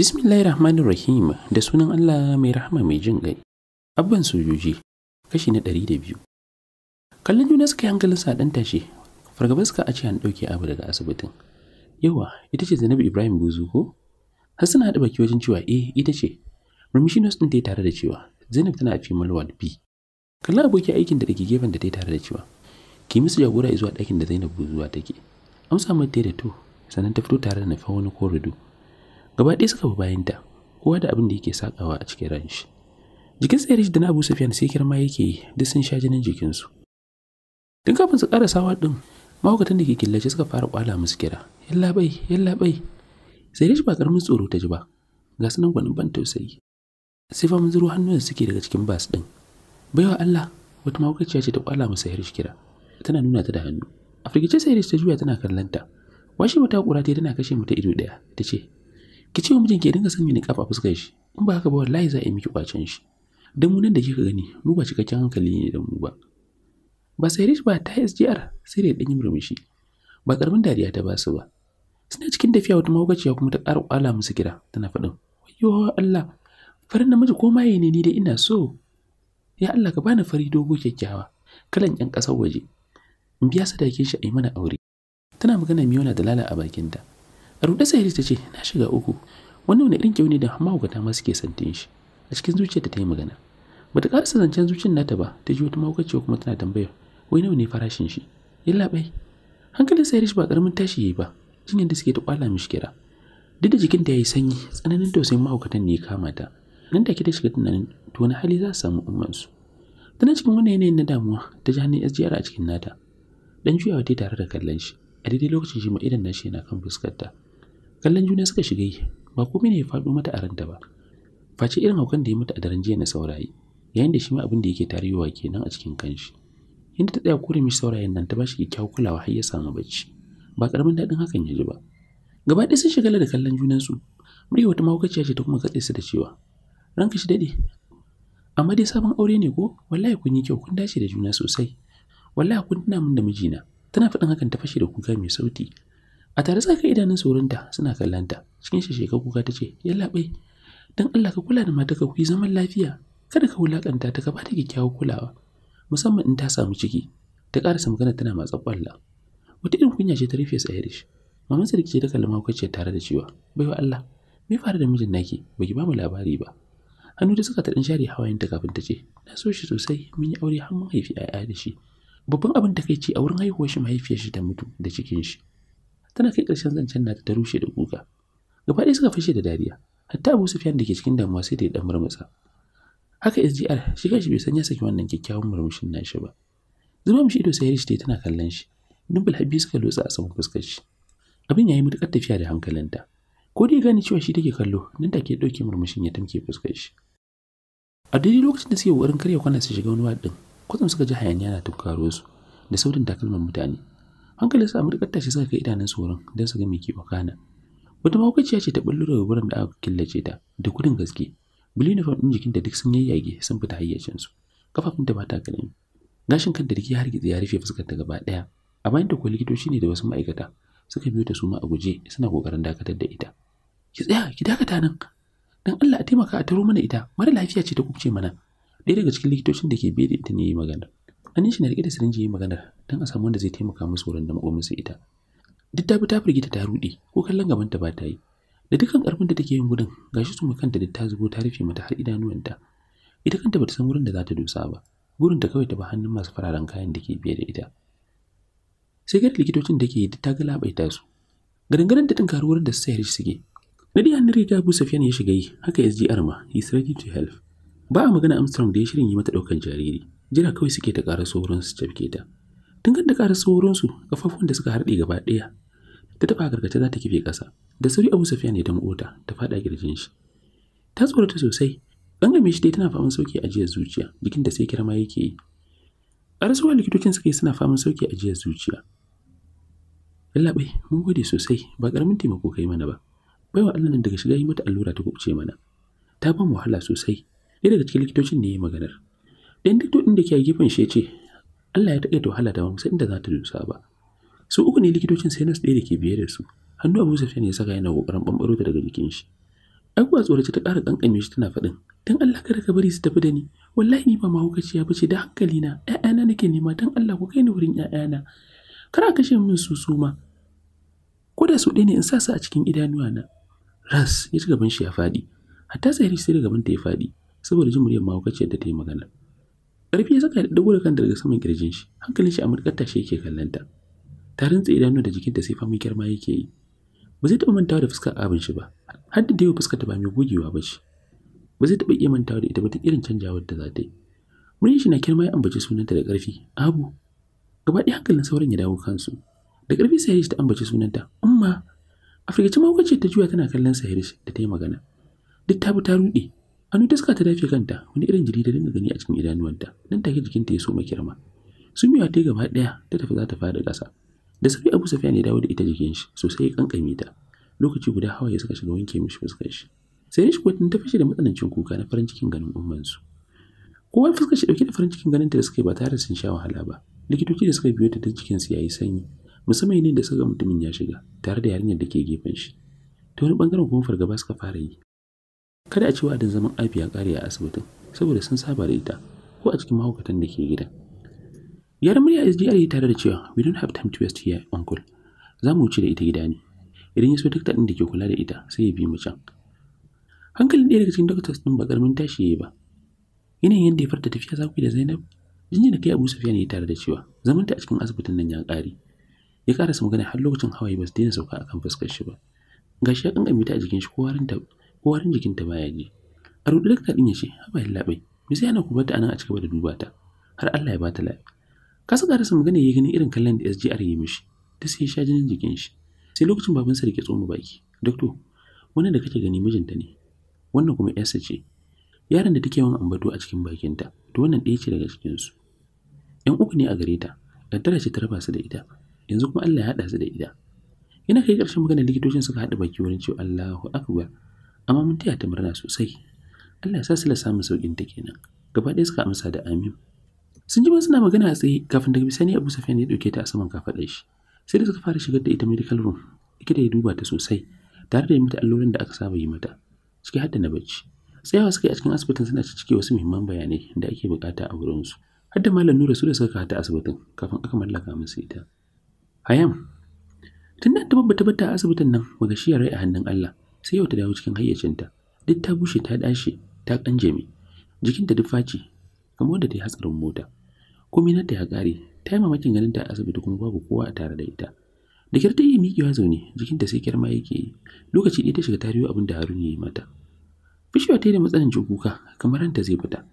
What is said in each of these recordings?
Bismillahir Rahmanir Rahim da sunan Allah mai rahama mai jin ƙai. Abban sojoji kashi na ɗari da biyu. Kallon juna suka yi hankalin sa ɗan tashi, fargaba suka a ce an ɗauke abu daga asibitin. Yawa, ita ce Zainabu Ibrahim Buzu ko? Hassan haɗa baki wajen cewa eh ita ce. Murmushi nos ɗin ta yi tare da cewa Zainab tana a female ward B. Kallon aboki aikin da ke gefen da ta yi tare da cewa ki musu jagora zuwa ɗakin da Zainab zuwa take amsa mata da to sannan ta fito tare da nufa wani korido gaba ɗaya suka bi bayanta kowa da abin da yake sakawa a cikin ran shi jikin tsayar da na Abu Sufyan sai kirma yake yi duk sun sha jinin jikinsu tun kafin su ƙara sawa ɗin mahaukatan da ke killace suka fara kwala musu kira yalla bai yalla bai sai ba ƙaramin tsoro ta ji ba ga nan gwanin ban tausayi sai fa mun zuro da suke daga cikin bas ɗin baiwa Allah wata mahaukaciya ce ta kwala musu hirish kira tana nuna ta da hannu a firgice sai ta juya tana kallanta washe wata kura ta tana kashe mata ido daya ta ce ki ce wa mijinki ya dinga sanya ni a fuskar shi in ba haka ba wallahi za a yi miki kwacen shi dan munan da kika gani mu ba cikakken hankali ne da mu ba ba sai ba ta SGR sai da yi murmushi ba karamin dariya ta ba su ba suna cikin tafiya wata mahaukaciya kuma ta ƙara ƙwala musu kira tana faɗin wayo Allah farin namiji ko maye ne ni da ina so ya Allah ka bani fari dogo kyakkyawa kalan 'yan ƙasar waje in biya sadake shi a yi mana aure tana magana miyona da lala a bakinta a ruɗe sahiri ta ce na shiga uku wannan wani irin kyau ne da mahaukata ma suke santin shi a cikin zuciyar ta yi magana bata karasa zancen zuciyar nata ba ta ji wata mahaukaciwa kuma tana tambaya. wai nawa ne farashin shi yalla bai hankalin sayarish ba karamin tashi yayi ba jinyar da suke ta kwala mishi kira duk da jikin da yayi sanyi tsananin tausayin mahaukatan ne ya kama ta nan take ta shiga tunanin to wani hali za su samu umman su tana cikin wannan yanayin na damuwa ta ji hannun SGR a cikin nata Dan juyawa ta tare da kallon shi, a daidai lokacin shi ma idan nashi yana kan fuskarta. Kallon juna suka shiga yi, ba komai ne ya faɗo mata a ranta ba. Face irin haukan da ya mata a daren jiya na saurayi, yayin da shi ma abin da yake tarewa kenan a cikin kanshi. Inda ta tsaya kore mishi saurayin nan ta ba shi kulawa har ya samu bacci. Ba karamin daɗin hakan ya ji ba. Gaba ɗaya sun shigala da kallon junansu. Murya wata mahaukaciya ce ta kuma katse su da cewa, Ranka shi daɗe, amma dai sabon aure ne ko wallahi kun yi kyau kun dace da juna sosai wallahi kun tuna min da mijina tana faɗin hakan ta fashe da kuka mai sauti a tare tsaka idanun saurinta suna kallanta cikin shekaru kuka ta ce yalla bai dan Allah ka kula da matarka ku yi zaman lafiya kada ka wulakanta ta ka bata kyakkyawar kulawa musamman in ta samu ciki ta karasa magana tana matsa kwalla wata irin kunya ce ta rufe tsayar mamman maman sarki ce ta kalli ce tare da cewa baiwa Allah me fara da mijin naki baki ba mu labari ba hannu da suka ta dan share ta kafin ta ce na so shi sosai mun yi aure har mun haifi 'ya'ya da shi babban abin da kai ce a wurin haihuwar shi mahaifiyar shi ta mutu da cikin shi tana kai ƙarshen zancen nata ta rushe da kuka gaba ɗaya suka fashe da dariya hatta abu sufiyan da ke cikin damuwa sai da ya ɗan murmusa haka sgr shi kanshi bai san ya saki wannan kyakkyawan murmushin nashi ba zama mishi ido sai ya rishi tana kallon shi dubbal habi suka lotsa a saman fuskar shi abin ya yi matuƙar tafiya da hankalinta ko dai gane cewa shi take kallo nan take dauke murmushin ya tamke fuskar shi a daidai lokacin da suke wurin karya kwana su shiga wani waɗin kwatsam suka ji hayaniya na tukaro su da sautin takalman mutane Hankali su a matuƙar tashi suka kai idanun su wurin don su ga mai ke wakana wata mahaukaciya ce ta ɓullo daga wurin da aka killace ta da kudin gaske biliniform ɗin da duk sun yayyage sun fita hayyacinsu kafafunta ba ta kalmi gashin kan da har gizi ya rufe ta gaba ɗaya a bayan ta kuwa likitoci ne da wasu ma'aikata suka biyo ta su ma a guje suna kokarin dakatar da ita ki tsaya ki dakata nan dan Allah a taimaka a taro mana ita mara lafiya ce ta kuce mana ɗaya daga cikin likitocin da ke biye da ita ne yi magana hannun shi na riƙe da sirinji yi magana don a samu wanda zai taimaka musu wurin da makominsa ita duk ta bi ta firgita ta ruɗe ko kallon gabanta ba ta yi da dukkan ƙarfin da take yin gudun gashi su kanta da ta zubo ta rufe mata har idanuwanta ita kanta bata san wurin da za ta dosa ba gurin ta kawai ta ba hannun masu fararen kayan da ke biye da ita sai gari likitocin da ke yi ta galabaita su Garin-garin da tinkaru karuwar da sayar suke na dai hannun riga abu safiyan ya shiga yi haka sgr ma he's ready to help Ba a magana Armstrong da ya shirin yi mata ɗaukan jariri, jira kawai suke ta ƙara sauransu su cafke ta. Tun da ƙara sauran su, kafafun da suka harɗe gaba ɗaya. Ta taɓa gargace za ta kife ƙasa, da sauri Abu Safiya ne ta mota ta faɗa girjin shi. Ta tsorata sosai, game shi dai tana faman sauki a jiyar zuciya, jikin da sai kirma yake yi. Arasuwa likitocin suka yi suna faman sauki a jiyar zuciya. Lallaɓai, mun gode sosai, ba ƙaramin taimako kai mana ba. Baiwa Allah nan daga shiga yi mata allura ta kuɓce mana. Ta ban wahala sosai, ɗaya daga cikin likitocin ne ya yi maganar ɗayan ɗin da ke a gefen shi ya ce Allah ya yadda wahala da wamsa inda za ta dusa ba su uku ne likitocin sai nas ɗaya da ke biye da su hannu abu sufyan ya saka yana ƙoƙarin ɓamɓaro ta daga jikin shi aikuwa tsorace ta ƙara ƙanƙame shi tana faɗin dan Allah kada ka bari su tafi da ni wallahi ni ba ma ya bace da hankali na na nake nema dan Allah ku kai ni wurin 'ya'yana? kar a kashe min su su ma ko da su ɗaya ne in sa su a cikin idanuwa na ras ya ci gaban shi ya faɗi hatta sai sai da gaban ta ya faɗi saboda jin muryar mahaukaciyar da ta yi magana ƙarfi ya saka da dago da kanta daga saman kirjin shi hankalin shi a murƙar tashi yake kallon ta ta rintsa idanu da jikinta sai famin girma yake yi ba zai taɓa mantawa da fuskar abin shi ba har da yau fuskar ta ba mai gogewa ba shi. ba zai taɓa iya mantawa da ita ba ta irin canjawar da za ta yi muryar shi na kirma ya ambaci sunanta da ƙarfi abu gaba ɗaya hankalin sauran ya dawo kansu da ƙarfi sahirish ta ambaci sunanta umma afirkaci mawukaci ta juya tana kallon sahirish da ta yi magana duk ta bi ta ruɗe hannu taska ta dafe kanta wani irin jiri da dinga gani a cikin idanuwanta nan take jikinta ya so ma kirma sumiya ta gaba daya ta tafi za ta fada ƙasa da sauri abu safiya ne dawo da ita jikin shi sosai ya kankame ta lokaci guda hawaye suka shiga wanke mishi fuskar shi sai shi kuwa ta fashe da matsanancin kuka na farin cikin ganin su. kowa fuskar shi dauke da farin cikin ganin ta da suka yi ba tare da sun sha wahala ba likitoci da suka biyo ta ta cikin su yayi sanyi musamman ne da suka ga mutumin ya shiga tare da yarinyar da ke gefen shi ta wani bangaren kuma fargaba suka fara yi Kada a ce wa'adin zaman Abby ya kare a asibitin saboda sun saba da ita, ko a cikin mahaukatan da ke gidan. Gyaran murya SGR ya yi tare da cewa, We don't have time to waste here, uncle. Za mu wuce da ita gida ne. Idan ya so dakta ɗin da ke kula da ita sai ya bi mu can. Hankalin ɗaya daga cikin doctors ɗin ba ƙaramin tashi yayi ba. Yanayin yadda ya farta tafiya za ku yi da Zainab, da kai Abu Sufyan ya yi tare da cewa, Zamanta a cikin asibitin nan ya ƙare. Ya ƙarasa magana har lokacin hawaye ba su daina sauka a kan fuskar shi ba. Gashi ya ƙanƙame ta a jikin shi ko harin ta ko jikin ta baya ji a rudu dakta din ya ce haba labai me sai ana kubata ana a cikaba da duba ta har Allah ya bata lafiya kasa karasa magana ya gani irin kallon da SGR ya mishi ta sai sha jinin jikin shi sai lokacin babansa da ke tsoma baki dokto wannan da kake gani mijinta ne wannan kuma yarsa ce yaron da take yawan ambato a cikin bakinta to wannan ɗaya ce daga cikinsu yan uku ne a gare ta kaddara ce ta raba su da ita yanzu kuma Allah ya haɗa su da ita yana kai ƙarshen maganar likitocin suka haɗa baki wurin cewa Allahu akbar amma mun taya ta murna sosai Allah ya sa la saukin ta kenan gaba ɗaya suka amsa da amin sun ji suna magana a tsaye kafin daga bisani Abu Sufyan ya dauke ta a saman shi sai da suka fara shigar da ita medical room ita da ya duba ta sosai tare da yi mata alluran da aka saba yi mata ciki har da na bacci tsayawa suka yi a cikin asibitin suna cike wasu muhimman bayanai da ake bukata a wurinsu har da malam nura su da suka hata asibitin kafin aka mallaka musu ita hayam tun da ta babba bata a asibitin nan ya rai a hannun Allah sai yau ta dawo cikin hayyacinta duk ta bushe ta dashe ta kanjame jikinta duk faci kamar wanda ta yi hatsarin mota komai ta ya kare ta yi mamakin ganin ta a asibiti kuma babu kowa a tare da ita da kyar ta iya miƙewa zaune jikinta sai kyar ma yake yi lokaci ɗaya ta shiga tariyo abin da harun ya yi mata bishiya ta yi da matsanancin kuka kamar ranta zai fita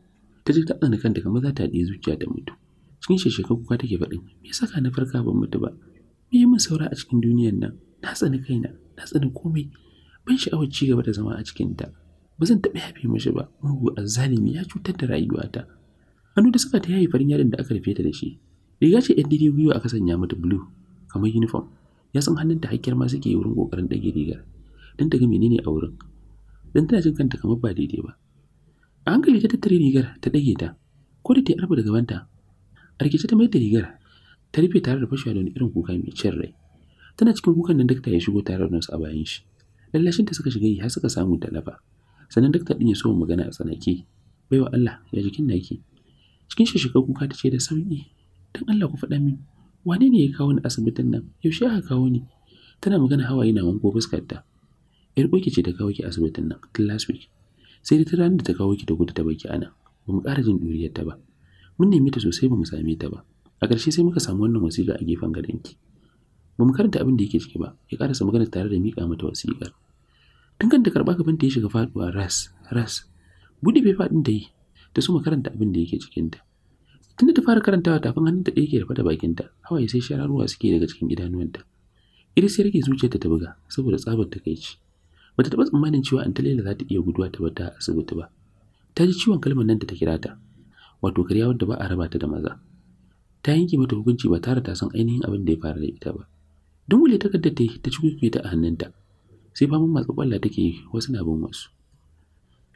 ta ji ta tsani kanta kamar za ta haɗe zuciya ta mutu cikin shekaru kuka take faɗin me yasa ka na farka ban mutu ba me yi min saura a cikin duniyar nan na tsani kaina na tsani komai ban sha'awar ci gaba da zama a cikinta ba zan taɓa yafe mashi ba mugu zalimi ya cutar da rayuwata hannu da suka ta yayi farin yadin da aka rufe ta da shi riga ce yan dide gwiwa aka sanya mata blue kamar uniform ya san hannunta hakkiyar ma suke wurin kokarin dage rigar dan ta ga menene a wurin dan tana jin kanta kamar ba daidai ba a hankali ta tattare rigar ta dage ta ko da ta yi arba da gabanta a rikice ta mai da rigar ta rufe tare da fashewa da wani irin kuka mai cin rai tana cikin kukan nan dakta ya shigo tare da nasu a bayan shi lallashin ta suka shiga yi har suka samu ta lafa sannan dakta din ya so magana a tsanake baiwa Allah ya jikin naki cikin shiga kuka ta ce da sauki dan Allah ku faɗa min wane ne ya kawo ni asibitin nan yaushe aka kawo ni tana magana hawaye na wanko fuskar ta yar uwarki ce ta kawo ki asibitin nan tun last week sai ta ranar da ta kawo ki da gudu ta baki ana ba mu ƙara jin duriyar ta ba mun nemi ta sosai ba mu same ta ba a ƙarshe sai muka samu wannan wasiƙa a gefen ki. ba mu karanta abin da yake ciki ba ya karasa magana tare da miƙa mata wasiƙar tun kan karɓa gaban ya shiga faɗuwa ras ras buɗe fefa ɗin ta yi ta suma karanta abin da yake cikinta tunda ta fara karantawa tafin hannunta ɗaya ke rufe da bakinta hawaye sai shararuwa suke daga cikin idanuwanta iris ya rage zuciyarta ta buga saboda tsabar ta takaici bata taɓa tsammanin cewa antalela za ta iya guduwa ta bata asibiti ba ta ji ciwon kalmar nan da ta kira ta wato karyawar da ba a raba ta da maza ta yanke mata hukunci ba tare ta san ainihin abin da ya faru da ita ba don wule ta yi ta cikin ta a hannunta sai faman masu kwallo take yi wasu na bin wasu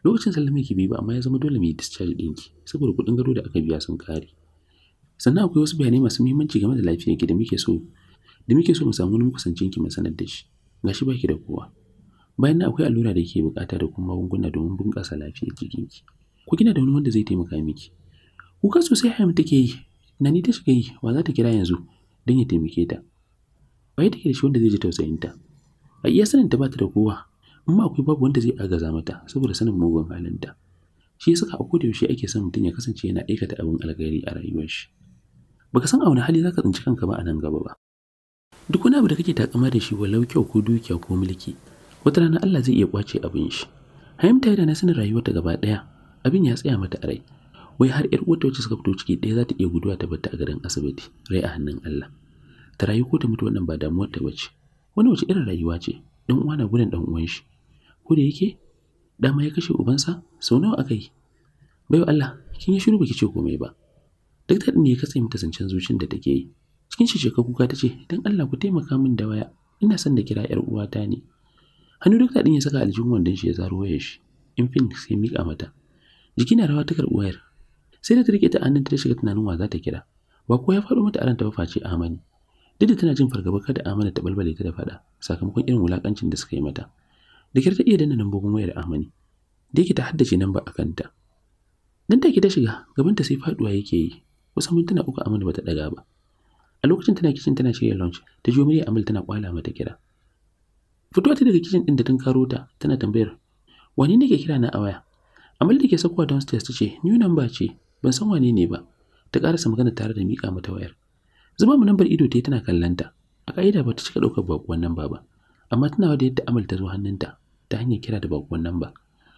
lokacin sallama ki bi ba amma ya zama dole mai discharge ɗinki saboda kuɗin gado da aka biya sun kare. sannan akwai wasu bayanai masu muhimmanci game da ki da muke so da muke so mu samu wani kusancin ki mai sanar da shi gashi baki da kowa bayan nan akwai allura da yake bukata da kuma magunguna domin bunƙasa lafiyar jikinki ku kina da wani wanda zai taimaka miki kuka sosai haim take yi na ni ta shiga yi wa za ta kira yanzu don ya taimake ta waye take da shi wanda zai ji tausayinta a iya sanin ta bata da kowa amma akwai babu wanda zai agaza mata saboda sanin mugun halinta shi ya saka a kodayaushe yaushe ake son mutum ya kasance yana aikata abin alkhairi a rayuwar shi baka san a wani hali zaka tsinci kanka ba a nan gaba ba duk wani abu da kake takama da shi walau kyau ko dukiya ko mulki wata rana Allah zai iya kwace abin shi hayimta da na sanin rayuwarta gaba daya abin ya tsaya mata a rai wai har 'yar uwarta wacce suka fito ciki ɗaya za ta iya guduwa ta bata a garin asibiti rai a hannun Allah ta rayu ko ta mutu wannan ba damuwar ta bace wani wace irin rayuwa ce dan uwa na gudan dan uwan shi ko da yake ma ya kashe ubansa sau nawa aka yi bayo Allah kin yi shiru baki ce komai ba duk ta ne ya katse mata zancen zuciyar da take yi cikin shi shekar kuka ta ce dan Allah ku taimaka min da waya ina son da kira yar uwa ta ne hannu duk ta ya saka aljihun wandan shi ya zaro wayar shi In fin ya mika mata jiki na rawa ta karɓi sai da ta rike ta annan ta shiga tunanin wa za ta kira ba ko ya faɗo mata aranta ba face amani duk da tana jin fargaba kada amana ta balbale ta da fada sakamakon irin wulakancin da suka yi mata da ta iya danna lambobin wayar amani da yake ta haddace namba a kanta nan take ta shiga gabanta sai faduwa yake yi kusan mintuna uku amana bata daga ba a lokacin tana kicin tana shirya lunch ta jiyo murya amal tana kwala mata kira fitowa ta daga kicin din da tun karo ta tana tambayar wani ne ke kira na a waya amal da ke sakuwa downstairs ta ce new number ce ban san wane ne ba ta karasa magana tare da mika mata wayar zuba mu nambar ido ta yi tana kallanta a ka'ida ba ta cika ɗaukar baƙuwan namba ba amma tana da yadda amal ta zo hannunta ta hanyar kira da baƙuwan namba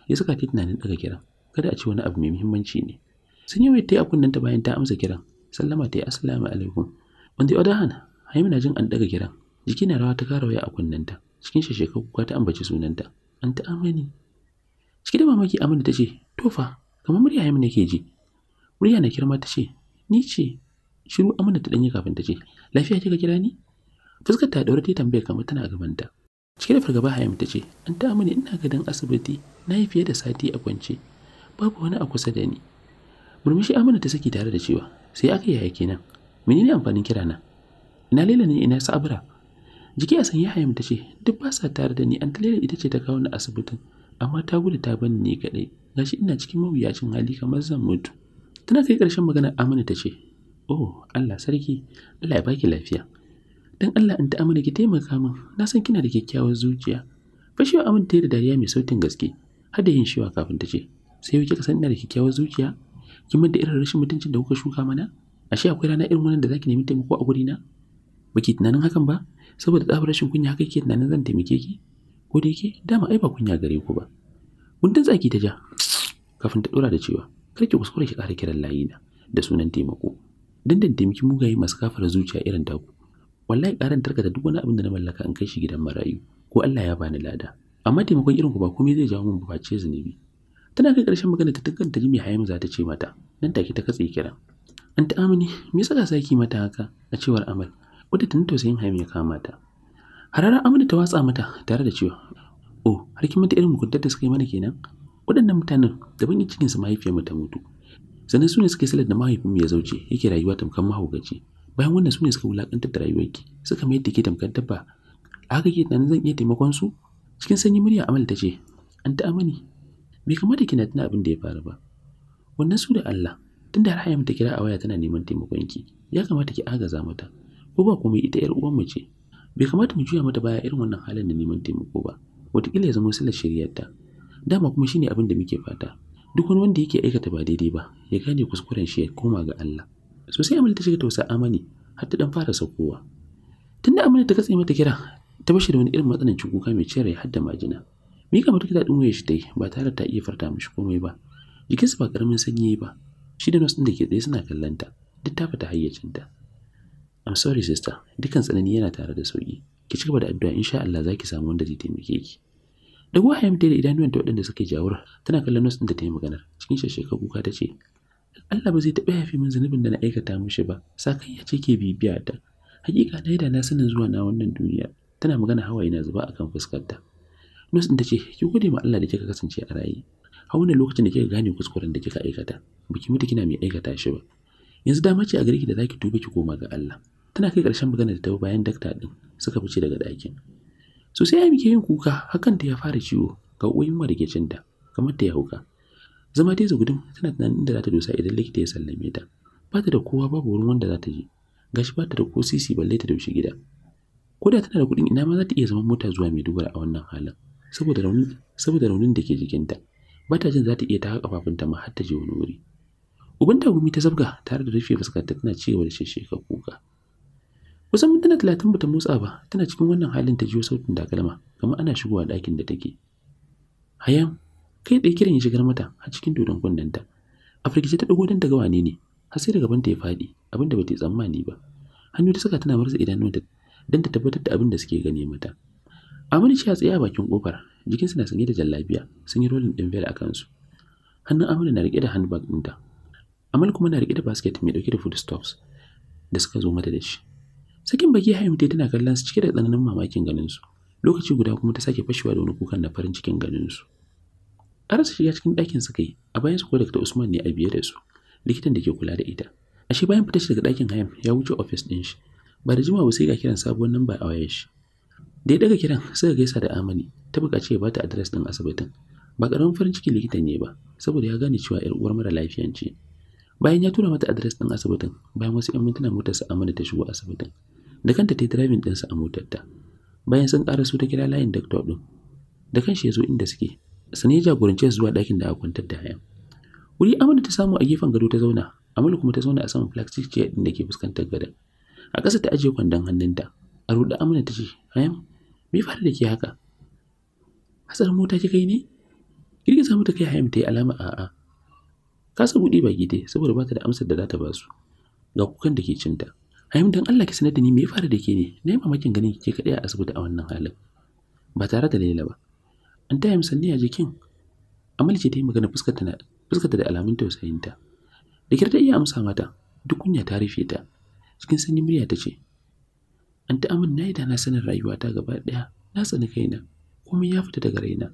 ya saka ta tunanin ɗaga kiran kada a ce wani abu mai muhimmanci ne sun yi wata a ta bayan ta amsa kiran sallama ta yi assalamu alaikum on the other hand haimuna jin an daga kiran jiki na rawa ta kara waya a ta cikin shashekar kuka ta ambaci sunanta an ta amani ciki da mamaki amina ta ce tofa kamar murya haimuna ke ji murya na kirma ta ce ni ce shiru amana ta danyi kafin ta ce lafiya kika kira ni fuskar ta daure ta tambaya kamar tana gabanta cike da fargaba hayam ta ce an ta amana ina gadon asibiti na yi fiye da sati a kwance babu wani a kusa da ni murmushi amana ta saki tare da cewa sai aka yi yaya nan. menene amfanin kira na ina lela ne ina Sabira? jiki a sanya hayam ta ce duk ba sa tare da ni an talela ita ce ta kawo ni asibitin amma ta gudu ta bani ni kadai gashi ina cikin mawuyacin hali kamar zan mutu tana kai ƙarshen magana amana ta ce oh Allah sarki Allah ya baki lafiya dan Allah in ta amana ki taimaka min na san kina da kyakkyawar zuciya fashewa amin ta da dariya mai sautin gaske har da yin shewa kafin ta ce sai yau kika san ina da kyakkyawar zuciya kin da irin rashin mutuncin da kuka shuka mana ashe akwai rana irin wannan da zaki nemi taimako a gurina baki tunanin hakan ba saboda tsabar rashin kunya haka kike tunanin zan taimake ki ko da yake dama ai ba kunya gare ku ba gundun tsaki ta ja kafin ta dora da cewa kar ki kuskure ki ƙara kiran layina da sunan taimako dan dan taimaki mugaye masu kafar zuciya irin taku wallahi karan tarkata duk wani abin da na mallaka in kai shi gidan marayu ko Allah ya bani lada amma taimakon irin ku ba komai zai jawo min ba ce zunubi tana kai karshen magana ta dukkan ta jimi hayyam za ta ce mata nan take ta katse kira an ta amini me yasa ka saki mata haka a cewar amal wadda tun tausayin hayyam ya kama ta hararar amina ta watsa mata tare da cewa oh har kin mata irin mukuntar da suka yi mana kenan waɗannan mutanen da ban yi cikin su mahaifiyar mu ta mutu sannan su ne suka yi salar da mahaifinmu ya zauce yake rayuwa tamkar mahaukaci bayan wannan su ne suka wulakantar da rayuwar ki, suka mayar da ke tamkar dabba a haka ke tunanin zan iya taimakon su cikin sanyi murya amal ta ce an ta amani bai kamata na tuna abin da ya faru ba wannan su da Allah tunda har haya ta kira a waya tana neman taimakon ki ya kamata ki agaza mata ko ba komai ita yar uwan mu ce bai kamata mu juya mata baya irin wannan halin da neman taimako ba wataƙila ya zama silar shiryarta dama kuma shine abin da muke fata duk wani wanda yake aikata ba daidai ba ya gane kuskuren shi ya koma ga Allah sosai Amina ta shiga tausa amani har ta dan fara saukowa tunda Amina ta katse mata kira ta bashi da wani irin matsanancin kuka mai cire har da majina mika mata daɗin wayar shi dai ba tare ta iya farta mishi komai ba jikinsa ba karamin sanyi ba shi da nasu da ke tsaye suna kallon ta duk ta fita hayyacinta I'm sorry sister dukan tsanani yana tare da sauki ki cigaba da addu'a insha Allah zaki samu wanda zai taimake ki Dago Hayam ta da idanuwanta waɗanda suke yi tana kallon nos ɗin da ta yi magana, cikin ka kuka ta ce Allah ba zai taɓa yafe min zunubin da na aikata mishi ba sakan ya ce ke bibiya ta hakika na yi da na sanin zuwa na wannan duniya tana magana hawa yana zuba akan fuskarta nos ɗin ta ce ki gode ma Allah da kika kasance a raye a wannan lokacin da kika gane kuskuren da kika aikata biki mutu kina mai aikata shi ba yanzu dama ce a gare ki da zaki tuba ki koma ga Allah tana kai ƙarshen magana da ta bayan dakta din suka fice daga ɗakin Sosai ya ke yin kuka hakan ta ya fara ciwo ga uwayin marigacinta kamar ta ya hauka. Zama ta gudun tana tunanin inda za ta dosa idan likita ya sallame ta. Ba ta da kowa babu wurin wanda za ta je. Gashi ba ta da ko sisi balle ta daushe gida. Ko da tana da kuɗin ina ma za ta iya zama mota zuwa Maiduguri a wannan halin saboda raunin saboda raunin da ke jikinta. Ba ta jin za ta iya ta kafafunta ma har ta je wani wuri. Uban gumi ta zabga tare da rufe ta tana cewa da shisheka kuka. kusan mintuna talatin ba ta motsa ba tana cikin wannan halin ta jiyo sautin takalma kamar ana shigowa ɗakin da take hayan kai ɗaya kiran ya shigar mata a cikin dodon kunnenta a firgice ta ɗago don ta wane ne har sai daga gabanta ya faɗi abin da bata tsammani ba hannu ta saka tana marza idanuwanta don ta tabbatar da abin da suke gani mata Aminu ce a tsaye a bakin kofar jikinsa na sanye da jallabiya sun yi rolin ɗin bel a kansu hannun Aminu na riƙe da handbag ɗinta Amal kuma na riƙe da basket mai ɗauke da stops da suka zo mata da shi sakin baki haim ta tana kallon su cike da tsananin mamakin ganin su lokaci guda kuma ta sake fashewa da wani kukan na farin cikin ganin su ƙarasa shiga cikin ɗakin su kai a bayan su ko usman ne a biye da su likitan da ke kula da ita ashe bayan fita shi daga ɗakin haim ya wuce ofis ɗin shi ba da jimawa sai ga kiran sabuwar namba a wayar shi da ya daga kiran suka gaisa da amani ta buƙaci ya bata adres din asibitin ba ƙaramin farin cikin likitan ne ba saboda ya gane cewa 'yar uwar mara lafiyan ce bayan ya tura mata adres din asibitin bayan wasu 'yan mintuna motar sa amana ta shigo asibitin da kanta ta yi driving ɗinsa a motarta bayan sun ƙara su ta kira layin doctor ɗin da kanshi ya zo inda suke sani ya jagorance zuwa ɗakin da aka kwantar da hayan wuri amina ta samu a gefen gado ta zauna amina kuma ta zauna a saman plastic chair ɗin da ke fuskantar gadon a ƙasa ta ajiye kwandon hannunta a ruɗe amina ta ce hayan me fara da ke haka hasar mota kika yi ne girgiza ta kai hayan ta yi alama a a kasa buɗe baki dai saboda bata da amsar da za ta ba su. ga kukan da ke cinta yau dan Allah ki sanar da ni me ya faru da ke ne? Na yi mamakin ganin ke kaɗai a asibiti a wannan halin. Ba tare da Laila ba. An taya mu sanni a jikin. Amal ce ta yi magana fuskarta da alamun tausayinta. Da kirta ta iya amsa mata, duk kunya ta rufe ta. Cikin sanyi murya ta ce, An ta amin na yi da na sanin rayuwata gaba ɗaya, na tsani kaina, komai ya fita daga raina.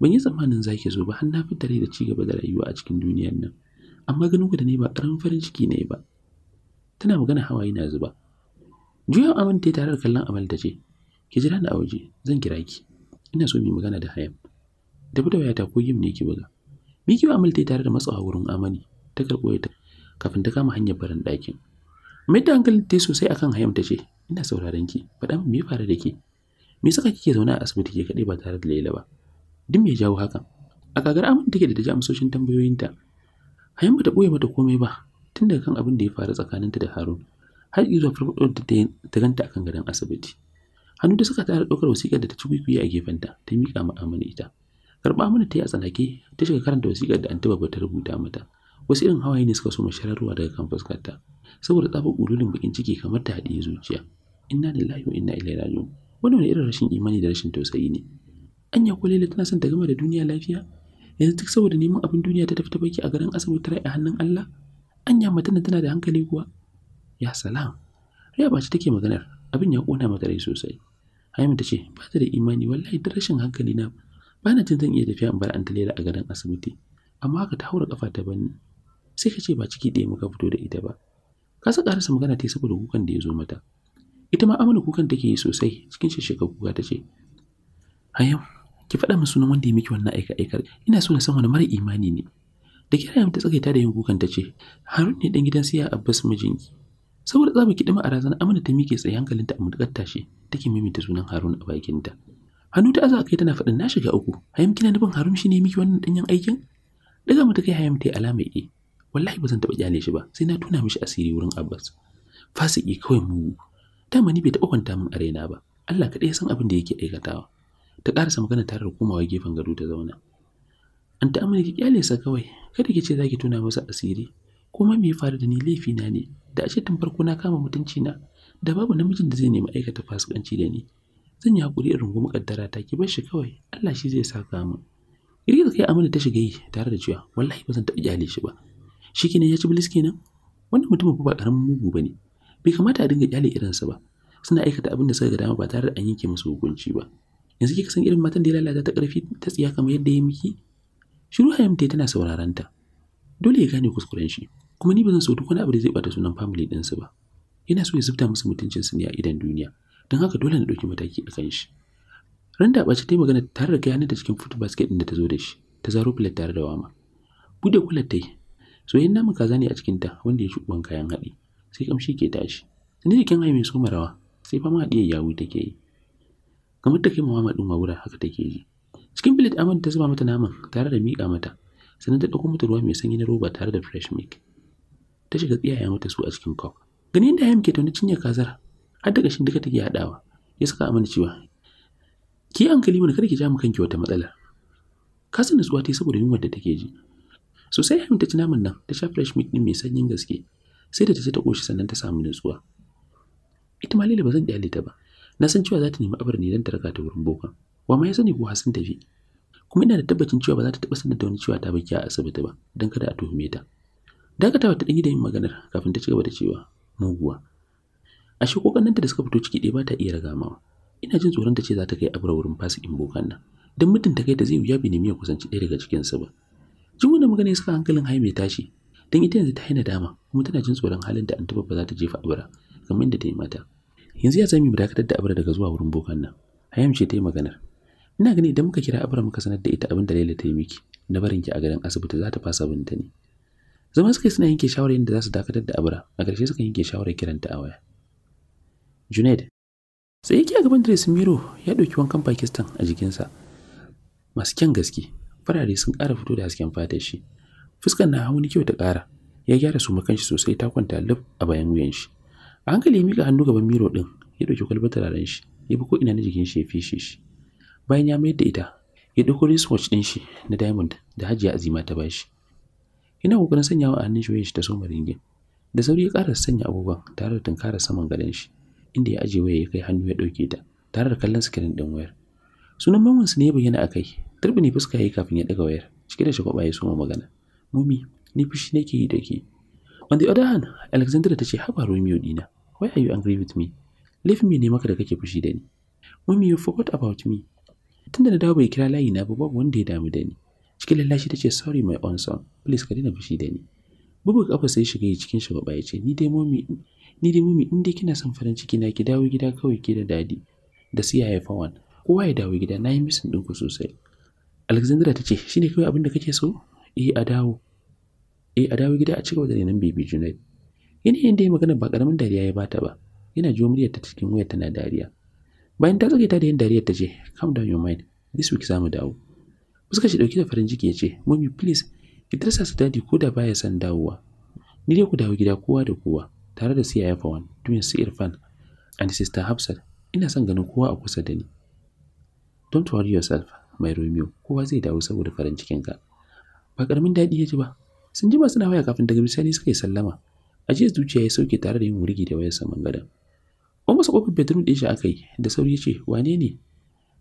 ban yi tsammanin za ki zo ba har na fitare da cigaba da rayuwa a cikin duniyar nan amma ganin ku da ne ba ƙaramin farin ciki ne ba tana magana hawaye na zuba juya amin ta tare da kallon amal ta ce ki jira ni a waje zan kira ki ina so mu magana da hayam da da wayata ko yim ne ki buga miki amal ta tare da matsawa wurin amani ta karɓo ta kafin ta kama hanyar barin ɗakin mai da hankali ta sosai akan hayam ta ce ina sauraron ki faɗa min me fara da ke me saka kike zaune a asibiti ke kaɗai ba tare da Laila ba duk me jawo hakan a kagar amin take da ta ji amsoshin tambayoyinta hayam ta ɓoye mata komai ba tun daga kan abin da ya faru tsakaninta da Harun har izuwa farfaɗo da ta ganta akan gadon asibiti. Hannu da suka tara ɗaukar wasiƙar da ta ci kwikwiye a gefenta ta miƙa ma Amina ita. Karɓa mana ta yi a tsanake ta shiga karanta wasiƙar da Antaba ba ta rubuta mata. Wasu irin hawaye ne suka so shararwa daga kan fuskarta saboda tsafin ƙululin bakin ciki kamar ta haɗiye zuciya. Inna da wa inna ilaihi raji'un. Wannan wani irin rashin imani da rashin tausayi ne. Anya ko Laila tana son ta gama da duniya lafiya? yanzu duk saboda neman abin duniya ta tafi ta baki a garin asibiti rai a hannun Allah anya matan tana da hankali kuwa ya salam Riya ba ce take maganar abin ya kona mata rai sosai Haimu ta ce ba ta da imani wallahi da rashin hankali na ba na jin zan iya tafiya in bar Antalela a garin asibiti amma haka ta haura kafa ta banni sai ka ce ba ciki ɗaya muka fito da ita ba ka sa ƙarasa magana ta saboda kukan da ya zo mata ita ma amana kukan take yi sosai cikin shishika kuka ta ce hayam ki faɗa min sunan wanda ya miki wannan aika aikar ina so na san wani mara imani ne da kira ta tsakaita da yin kukan ta ce harun ne dan gidan siya abbas mijinki saboda tsaba kidima a razana amina ta mike tsaye hankalinta a mutukar tashi take ta sunan harun a bakinta hannu ta aza kai tana faɗin na shiga uku hayam kina nufin harun shine miki wannan danyen aikin daga mata kai hayam ta yi alama e wallahi ba zan taɓa kyale shi ba sai na tuna mishi asiri wurin abbas fasiki kawai mugu ta ni bai taɓa kwanta min a raina ba Allah kaɗai ya san abin da yake aikatawa ta ƙarasa magana tare da komawa gefen gado ta zauna an ta amina ki kyale sa kawai kada ki ce za ki tuna masa asiri kuma me ya faru da ni laifi na ne da a ce tun farko na kama mutunci na da babu namijin da zai nemi aikata fasikanci da ni zan yi hakuri in rungumi kaddara ta ki bar shi kawai Allah shi zai saka iri da kai amina ta shiga yi tare da cewa wallahi ba zan taɓa kyale shi ba shi kenan ya ci bilis kenan wannan mutumin ba karamin mugu bane bai kamata a dinga kyale irinsa ba suna aikata abin da suka ga dama ba tare da an yanke musu hukunci ba yanzu kika san irin matan da ya lalata ta ƙarfi ta tsiya kamar yadda ya miki Shiru Hayam mutai tana sauraron ta. Dole ya gane kuskuren shi, kuma ni ba zan so duk wani abu da zai bata sunan family ɗinsu ba. Yana so ya zubta musu mutuncinsu ne a idan duniya, don haka dole na ɗauki mataki a kan shi. Randa ɓace ta yi magana tare da kayanin da cikin football basket ɗin da ta zo da shi, ta zaro plate tare da wama. Bude kulat ta yi, soyayyen namun kaza ne a cikin ta wanda ya shuɓan kayan haɗi, sai kamshi ke tashi. Sani jikin hai mai soma rawa, sai fama haɗiyar yawu take yi. Kamar ta kai mama ɗin haka take yi. cikin bilet Amin ta zuba mata naman tare da miƙa mata sannan ta ɗauko mata ruwa mai sanyi na roba tare da fresh milk ta shiga tsiyaya mata su a cikin kwaf Gani yadda hayam ke tauna cinye kazar har da ƙashin duka take haɗawa ya saka Amin cewa ki yi hankali mana kada ki ja mu kanki wata matsala san nutsuwa ta yi saboda yunwar da take ji sosai hayam ta ci naman nan ta sha fresh milk ɗin mai sanyin gaske sai da ta ci ta ƙoshi sannan ta samu nutsuwa ita ma Laila ba zan ƙyale ta ba na san cewa za ta nemi abar ne don ta raka ta wurin bokan wa ma ya sani kuwa sun tafi kuma ina da tabbacin cewa ba za ta taɓa sanar da wani cewa ta baki a asibiti ba don kada a tuhume ta dakatawa ta ɗanyi da yin maganar kafin ta cigaba da cewa muguwa ashe ko kannanta da suka fito ciki ɗaya ba ta iya ragamawa ina jin tsoron ta ce za ta kai abura wurin in bokan nan don mutum ta kai ta zai wuya bi nemi ya kusanci ɗaya daga cikinsu ba jin wannan magana ya saka hankalin haime tashi don ita yanzu ta haina dama kuma tana jin tsoron halin da antuba ba za ta jefa abura kamar yadda ta yi mata yanzu ya zami mu dakatar da abura daga zuwa wurin bokan nan hayam ce ta yi maganar ina gani idan muka kira abra muka sanar da ita abin da laila ta yi miki na barin ki a garin asibiti za ta fasa binta ne zama suka suna yanke shawarar yadda za su dakatar da abra a ƙarshe suka yanke shawarar kiranta a waya junaid sai yake a gaban Dres miro ya ɗauki wankan pakistan a jikinsa masu kyan gaske farare sun ƙara fito da hasken fatar shi fuskar na ni kyau ta ƙara ya gyara su shi sosai ta kwanta lif a bayan wuyan shi a hankali ya miƙa hannu gaban miro ɗin ya ɗauki kwalbar turaren shi ya bi ko ina na jikin shi ya fishe shi bayan ya mayar da ita ya ɗauko wristwatch ɗin shi na diamond da hajiya azima ta bashi yana kokarin sanyawa a hannun shi ta soma ringin da sauri ya ƙara sanya abubuwan tare da tunkarar saman gadon shi inda ya ajiye waya ya kai hannu ya ɗauke ta tare da kallon sikirin ɗin wayar sunan mamansu ne ya bayyana a kai turbi ne fuska ya yi kafin ya ɗaga wayar cike da kwaɓa ya soma magana mumi ni fushi nake yi da ke on the other hand alexandra ta ce haba romeo dina why are you angry with me laifin me ne maka da kake fushi da ni mummy you forgot about me tunda na dawo bai kira layi na ba babu wanda ya damu da ni cikin lallashi ta ce sorry my own son please ka daina fushi da ni bugu kafa sai shiga yi cikin shagwaba ya ce ni dai momi ni dai momi in dai kina son farin ciki na ki dawo gida kawai ki da dadi da su yaya fawan kowa ya dawo gida na yi misin ɗinku sosai alexandra ta ce shine kawai abin da kake so eh a dawo eh a dawo gida a cigaba da nan baby junaid yanayin da ya magana ba karamin dariya ya bata ba yana jiwo ta cikin wayar tana dariya bayan ta tsage ta da yin dariyar ta ce calm down your mind this week za mu dawo fuskar shi dauki da farin ciki ya ce mommy please ki tarsa su dadi ko da baya son dawowa ni dai ku dawo gida kowa da kowa tare da su yaya fawan twin irfan and sister hafsat ina son ganin kowa a kusa da ni don't worry yourself my romeo kowa zai dawo saboda farin cikin ka ba karamin daɗi ya ji ba sun ji masu waya kafin daga bisani suka yi sallama a jiya zuciya ya sauke tare da yin wurgi da wayar saman gadon Kuma masa ƙofar bedroom din shi aka yi da sauri ya ce, Wane ne?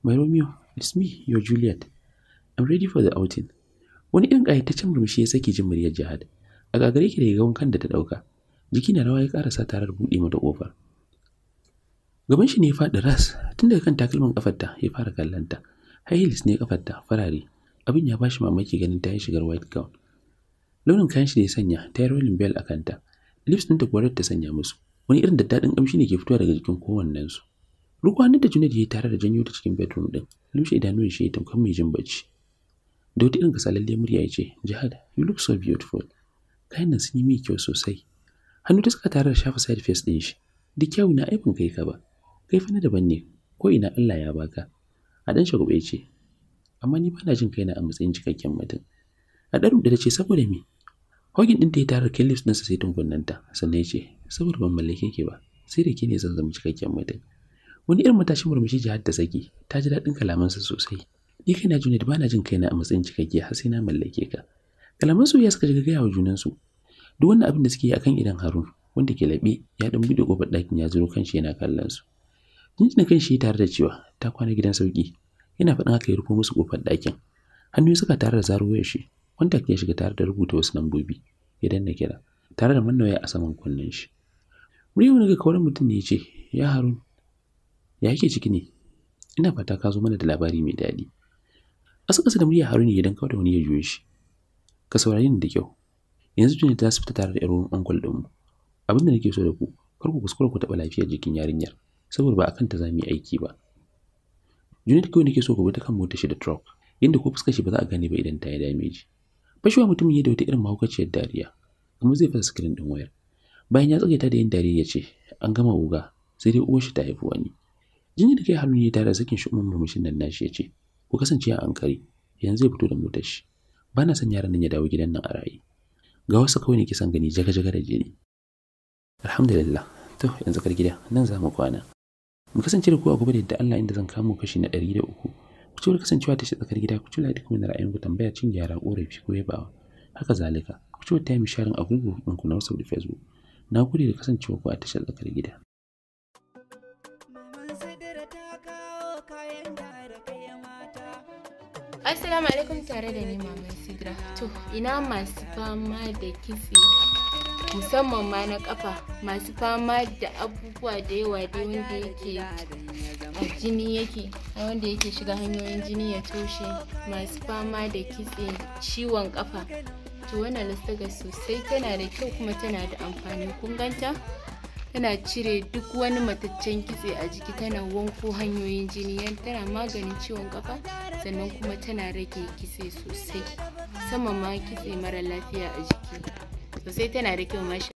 My Romeo, it's me, your Juliet. I'm ready for the outing. Wani irin ƙayataccen murmushi ya saki jin muryar jihad. A gagare ki da rigar wankan da ta ɗauka. Jiki na rawa ya ƙarasa tarar buɗe mata ƙofar. Gaban shi ne ya faɗi ras tun daga kan takalmin ƙafarta ya fara kallonta. High heels ne ƙafarta farare. Abin ya bashi mamaki ganin ta yi shigar white gown. Launin kayan shi da sanya ta yi rolling bell a kanta. Lips ɗinta kuwa ta sanya musu. wani irin daddaɗin ƙamshi ne ke fitowa daga jikin kowannensu riko hannun da junaid ya tare da janyo ta cikin bedroom din lumshe idanuwan shi ya tamkar mai jin bacci da wata irin kasalalliyar murya ya ce jihad you look so beautiful kayan nan sun yi mai kyau sosai hannu ta suka tare da shafa side face ɗin shi duk kyau na aibin kai ka ba kai fa na daban ne ko ina Allah ya baka a dan shagube ce amma ni na jin kaina a matsayin cikakken mutum a ɗaru da ta ce saboda me Hogin ɗin da ya tara kilif sa sai kunnanta sannan ya ce, saboda ban mallake ke ba, sai da ke ne zan zama cikakken mutum. Wani irin matashin murmushi jihar da saki, ta ji daɗin kalamansa sosai. Ni kaina juna da bana jin kaina a matsayin cikakke har sai na mallake ka. Kalaman soyayya suka shiga gaya wa junansu. Duk wannan abin da suke yi akan idan Harun, wanda ke laɓe ya ɗan buɗe ƙofar ɗakin ya zuro kanshi yana kallon su. kan kanshi tare da cewa ta kwana gidan sauki. Yana faɗin haka ya rufo musu ƙofar ɗakin. Hannu ya saka tare da zaro wayar shi Contact ya shiga tare da rubuta wasu lambobi ya danna kira tare da mannoya a saman kunnen shi. Wuri wani ga kawar mutum ne ya ce, Ya Harun, ya yake ciki ne? Ina fata ka zo mana da labari mai daɗi. Asa kasa da murya Harun ne dan kawar da wani ya juyo shi. Ka saurari ni da kyau. Yanzu tuni ta fita tare da ƴan uncle din mu abinda nake so da ku, kar ku kuskura ku taɓa lafiyar jikin yarinyar, saboda ba a kanta za mu yi aiki ba. Junet kawai nake so ku bi ta kan mota shi da truck, inda ko fuskar shi ba za a gane ba idan ta yi dameji. Bashuwa mutumin ya da wata irin mahaukaciyar dariya, kuma zai fasa sikirin ɗin wayar. Bayan ya tsagaita da yin dariya ya ce, an gama uga sai dai uwar shi ta haifi wani. Jini da kai hannu ya tara sakin shi umar murmushin nan nashi ya ce, ku kasance a ankari, yanzu zai fito da motar shi. Ba na son yaran nan ya dawo gidan nan a raye. Ga wasu kawai ne kisan gani jaga-jaga da jini. Alhamdulillah, to yanzu kar gida, nan za mu kwana. Mu kasance da ku a gobe da Allah inda zan kamo kashi na ɗari da uku. ku ci kasancewa ta tsakar gida ku ci da kuma ra'ayin ku tambaya cin gyara korafi ko yabawa haka zalika ku ci wata mi sharing a google ɗinku na wasu da facebook na gode da kasancewa ku a tashar tsakar gida Assalamu alaikum tare da ni Maman Sidra. To, ina masu fama da kitse musamman ma na kafa masu fama da abubuwa da yawa da wanda yake jini yake wanda yake shiga hanyoyin jini ya toshe masu fama da kitse ciwon kafa to wani lastaga sosai tana da kyau kuma tana da amfani kunganta tana cire duk wani mataccen kitse a jiki tana wanko hanyoyin jini tana maganin ciwon kafa sannan kuma tana rage kitse sosai musamman ma kitse mara lafiya a jiki sosai tana da kyau mashi.